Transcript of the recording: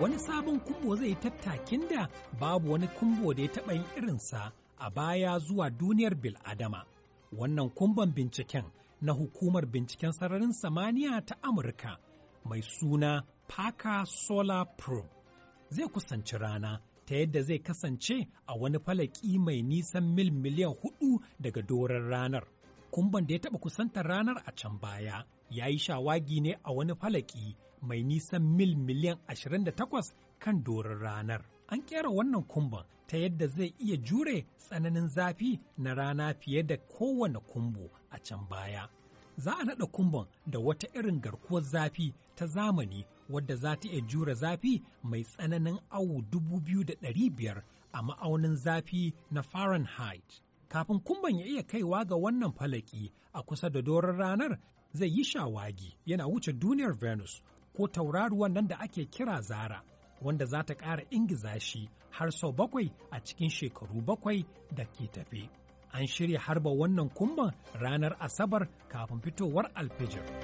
wani sabon kumbo zai yi tattakin da babu wani kumbo da ya taɓa yin irinsa a baya zuwa duniyar bil'adama. Wannan kumban binciken na hukumar binciken sararin samaniya ta Amurka mai suna Paka Solar Pro zai kusanci rana ta yadda zai kasance a wani falaki mai nisan mil miliyan hudu daga doron ranar. Kumban da ya taɓa kusantar ranar a can baya ya yi shawagi ne a wani falaki mai nisan mil miliyan 28 kan doron ranar. An kera wannan kumban ta yadda zai iya jure tsananin zafi na rana fiye da kowane kumbo a can baya. Za a naɗa kumban da wata irin garkuwar zafi ta zamani wadda za ta iya jure zafi mai tsananin awu biyar a ma'aunin zafi na Fahrenheit. Kafin kumban ya iya kaiwa ga wannan falaki a kusa da doron ranar zai yi shawagi yana wuce duniyar Venus ko tauraruwan nan da ake kira Zara, wanda za ta ƙara ingiza shi har sau bakwai a cikin shekaru bakwai da ke tafe. An shirya harba wannan kumman ranar Asabar kafin fitowar alfijir.